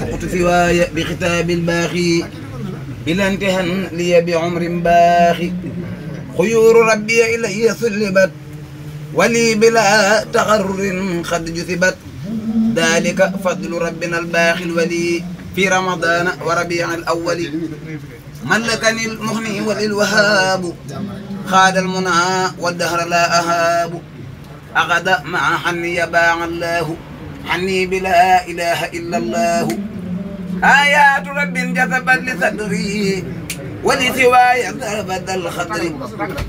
سقط سواي بختام الباخي إلى انتهى لي بعمر باخي خيور ربي إلي سلبت ولي بلا تغرر قد جثبت ذلك فضل ربنا الباخي الولي في رمضان وربيع الأول ملكني المغني وللوهاب خاد المنى والدهر لا أهاب أغدا مع حني باع الله عني بلا إله إلا الله آيات رب جذبت لصدري ولسواي ذهبت الخطر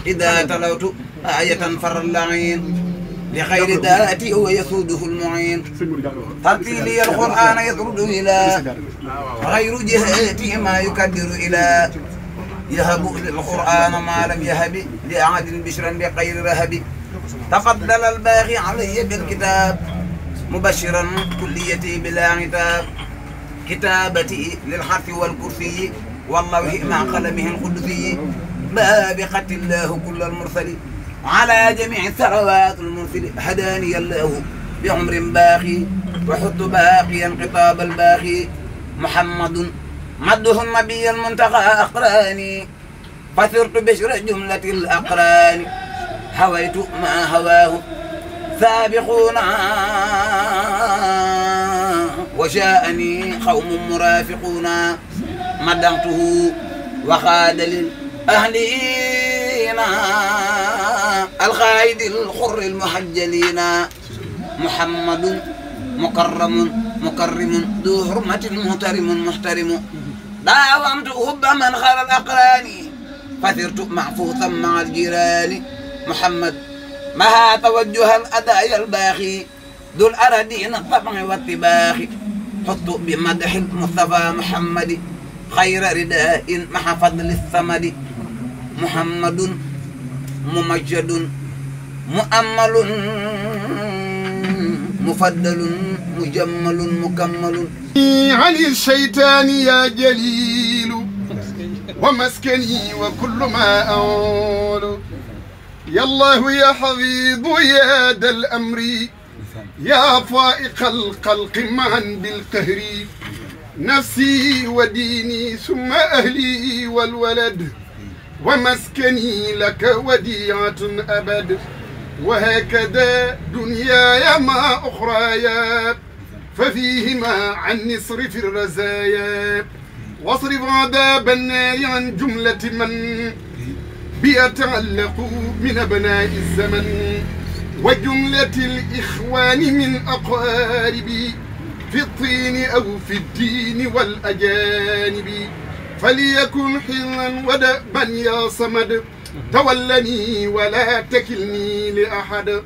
إذا تلوت آية فر اللعين لخير ذاتي ويسوده المعين لي القرآن يطرد إلى غير جهاتي ما يكدر إلى يهب القرآن ما لم يهب لأحد بشرا بخير رهب تفضل الباغي علي بالكتاب مبشرا كليتي بلا عتاب كتابته للحرف والكرسي والله مع قلمه القدسي بابقة الله كل المرسل على جميع الثروات المرسل هداني الله بعمر باقي وحط باقيا خطاب الباقي محمد مده النبي المنتقى أقراني فثرت بشر جملة الأقران هويت ما هواه سابقون وجاءني قوم مرافقون مدحته وخاد أهلينا الخائد الخر المحجلين محمد مكرم مكرم ذو حرمة محترم محترم داومت هب من خال الأقران فثرت معفوثا مع الجيران محمد مها توجه الأداء الباخي ذو الأردين الطبع والطباخ حط بمدح مصطفى محمد خير رداء مع فضل الثمد محمد ممجد مؤمل مفضل مجمل مكمل عن الشيطان يا جليل ومسكني وكل ما أقول يا الله يا حبيب يا ذا الأمر يا فائق القلق معا بالقهر نفسي وديني ثم أهلي والولد ومسكني لك وديعة أبد وهكذا دنيا يا ما يا ففيهما عني اصرف الرزايا واصرف عذاب الناي عن جملة من بيتعلق من أبناء الزمن وجملة الإخوان من أقاربي في الطين أو في الدين والأجانب فليكن حلا ودأبا يا صمد تولني ولا تكلني لأحد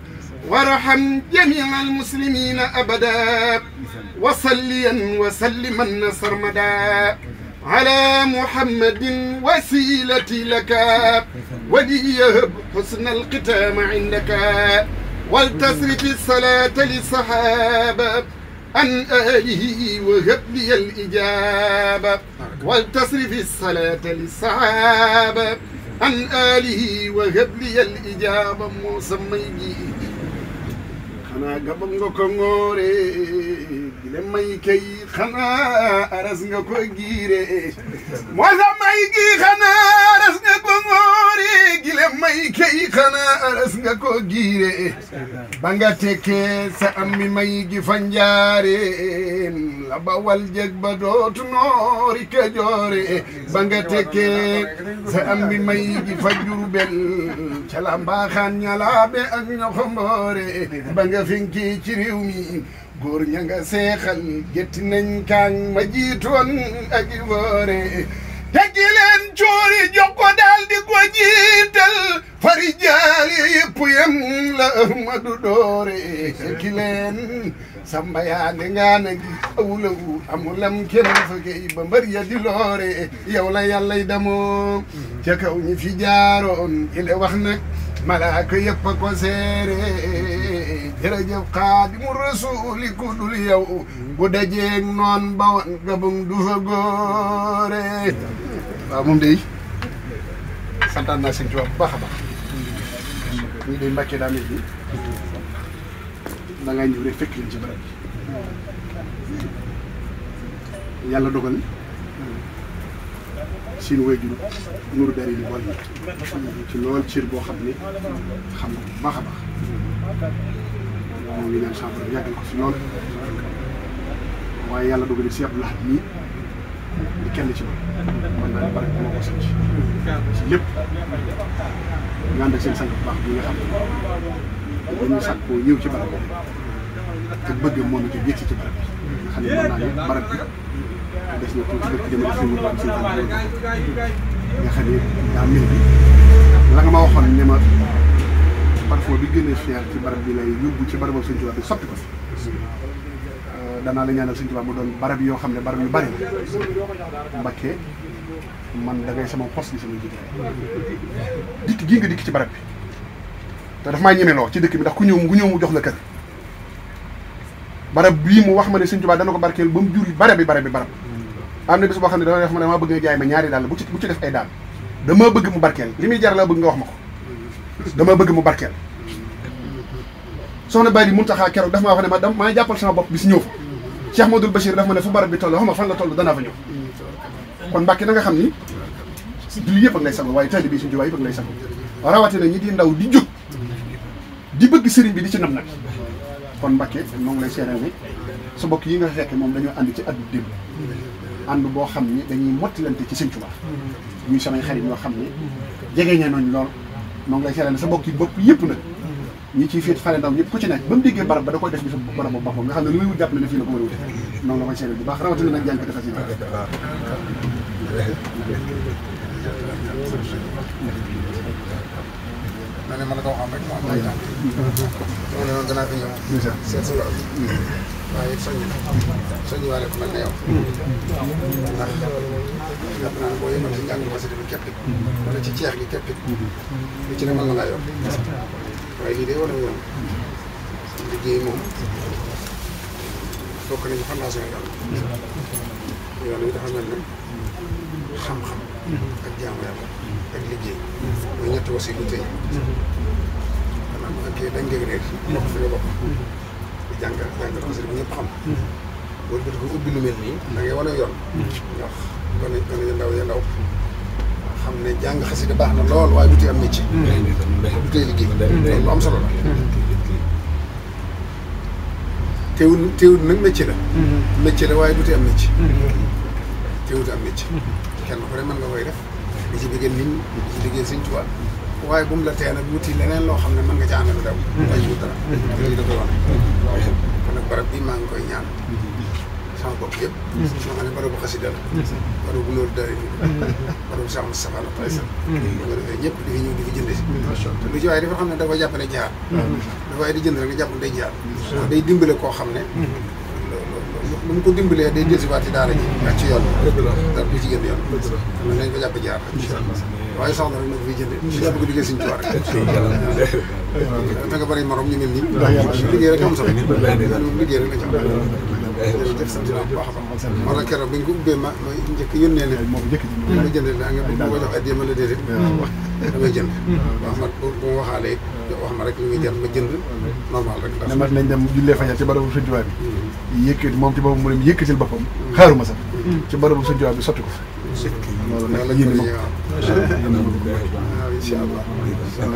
وارحم جميع المسلمين أبدا وصليا وسلما سرمدا على محمد وسيلتي لك وليهب حسن القتام عندك في الصلاة للصحابة عن آله وهب لي الإجابة في الصلاة للصحابة عن آله وهب لي الإجابة مسميني خنا قبل غوري لما يكي خنا أرز غكوري مسميني خنا أرز غكوري kay xanaa aras nga ko giire ba nga tekkee sa am mi may gi fa la ba wal jeg ba dootu noori ka joore ba nga tekkee sa am mi may gi fa jurbel ca la mbaaxaan ñalaabe ak ña ba nga finki ci réew mi góor ña nañ kaañ ma jiitoon ak i woore tekkile coori jokko daal di ko jiital fari la Ahmadu doore samba yaa ngaana gi awulawu amulam kenn fagey ba mbër ya di loore yow la yàllay damoo ca kaw ñi fi ile wax malaaka yëpp ko seere jërëjëf xaadimu rasuuli ku dul yow bu noon ba wan du fa waaw moom day santaan naa sëñ Tuubaa bu baax a day mbàkkee daa mel da fekk ci barab nur dari ni bool ci lool cir boo xam xam na bu baax a baax moom ko lool dogal Abdou Lahad di kenn ci man man daal di moo ko sant ci lépp ñu ànd ak seen sang bu baax bi nga xam ne dañuy sàkkoo ñëw ci barab bi te bëgg moom itam ci barab bi nga xam ne mën naa ne barab bi na tuuti dëkk jëmale fi mu doon seen sang nga xam ne daa mel bi nga ma waxoon ne ma parfois bi gën a cher ci barab bi lay yóbbu ci barabam bi soppi ko fi danaa la ñaanal Sëñ Tuubaa mu doon barab yoo xam ne barab yu bari man da sama pos bi sama jiite ci barab bi te daf ci dëkk bi ndax ku ñëw ku ñëw mu jox la kër barab mu wax ma ne Sëñ Tuubaa dana ko barkeel ba mu jur barab bi bi barab am na bis xam ne dana wax ma damaa bëgg nga jaay ma ñaari daal bu ci bu ci def ay daal dama bëgg mu barkeel li muy jar laa bëgg nga wax ma ko dama bëgg mu barkeel soxna Bali Muntaxa keroog daf maa wax ne ma dam maa jàppal sama bopp bi si ñëw fa Cheikh Modou Bachir daf ma ne fu barab bi toll xaw ma fan la toll danaa fa ñëw kon Mbàkke na nga xam ni julli yëpp ak lay sago waaye taalibe bi suñu jubaay yëpp ak lay sago rawatina ñi di ndaw di jóg di bëgg sëriñ bi di ci nam nag kon Mbàkke moo ngi lay seereel ni sa bokk yi nga fekk moom dañoo ànd ci addu démb ànd boo xam ni dañuy mottilante ci Sëriñ Tuubaa ñuy samay xarit ñoo xam ne jege ñee noonu lool moo ngi lay seereel sa bokk yi bopp yëpp nag ñi ciy fiit fane ndaw ñëpp ko ci nekk ba mu déggee barab ba da koy def bisu barab bu baax nga xam ne lu muy ne a wute noonu la ma ne ma la ko waxoon rek mu am ay tànk. mu ne ma gannaaw fi ñëw. seet waaye soññu soññu waale ku mel ne yow. ndax jàpp naa ne boo yemoon ci njàng ma si bi képp it. wala ci ceex gi képp it. lu ci ne mën na laa waaye lii day wane yoon liggéey moom bokk nañu formation yi daal yoon wi dafa mel xam-xam ak jaamu yàlla ak liggéey mooy ñetti wasi lu nga bokk di jàngal jàngal ko si bu ñëpp xam boo ko ubbi lu mel nii da wane yoon ndax gone gone yu ndaw ya xam ne jàng xasida baax na lool waaye du tee am métier. Mm. du mm. mm. tee am solo la. teewul teewul nag métier la. métier la waaye du tee am métier. teewut am métier. kenn ku ne mën nga koy def di ci liggéey nit ñi di ci liggéey Sëñ Tuubaa waaye bu mu la tee nag wuti leneen loo xam ne mën nga ca ànd daw. waaye wut dara. loolu koy wane. kon nag barab bii maa ngi koy ñaan. sama bopp yëpp. su ma xam ne barabu xasida la. barabu Nour Daara ñu. barabu Cheikh Moustapha la par exemple. nga defee ñëpp di fi ñëw di ne dafa jàpp ne jaar. dafa waaye di jënd rek nga jàpp ne jaar. ndax day dimbale koo xam ne. lu mu ko dimbalee day dellusiwaat ci daara ji. ak ci yoon bi. dëgg la dara du ci gën yoon. dëgg la xam nañ ko jàpp jaar. incha allah waaye soxna rek nag fiy jëndee. incha allah bëgg liggéey suñu tuwaar rek. incha allah nga bëri morom ñu mel nii. liggéey jërëjëf sant naa bu baax a baax. war na keroog bu ñu ko ubbee ma ma njëkk yónnee ne. moom njëkk ji ma jënd daa bu ma jox addiya la déedéet. damay jënd. wax ma bu ma waxaalee wax ma rek li muy jar ma jënd normal rek. ndax mat nañ dem jullee fajar ci barabu Sëñ bi. yëkkati moom ci boppam mu dem yëkkatil boppam. xaaruma sax. ci barabu Sëñ bi sotti ko fa. a incha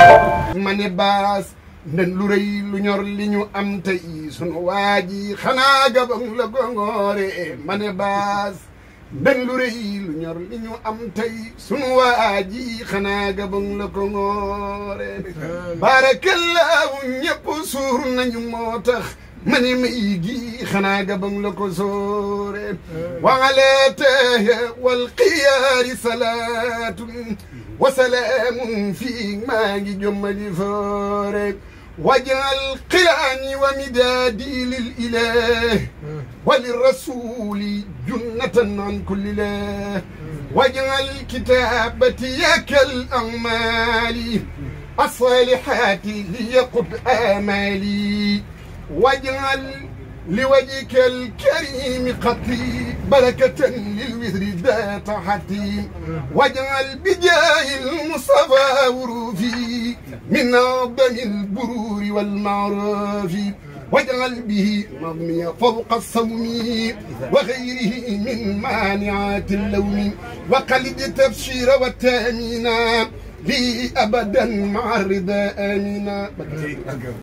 allah. baas nden lu rëy lu ñor li ñu am tey sunu waa ji xanaa gabam la gongoore ma ne baas nañu moo tax. من يجي خناقة بملك زور وعلى والقيار صلاة وسلام في ما يجي مجزور وجعل قراني ومدادي للإله وللرسول جنة عن كل له وجعل كتابتي كالأعمال الصالحات هي قد آمالي واجعل لوجهك الكريم قطي بركة للوزر ذات حتي واجعل بجاه المصطفى وروفي من أعظم البرور والمعروف واجعل به نظمي فوق الصوم وغيره من مانعات اللوم وقلد تبشير وتامينا لي أبدا مع الرضا آمنا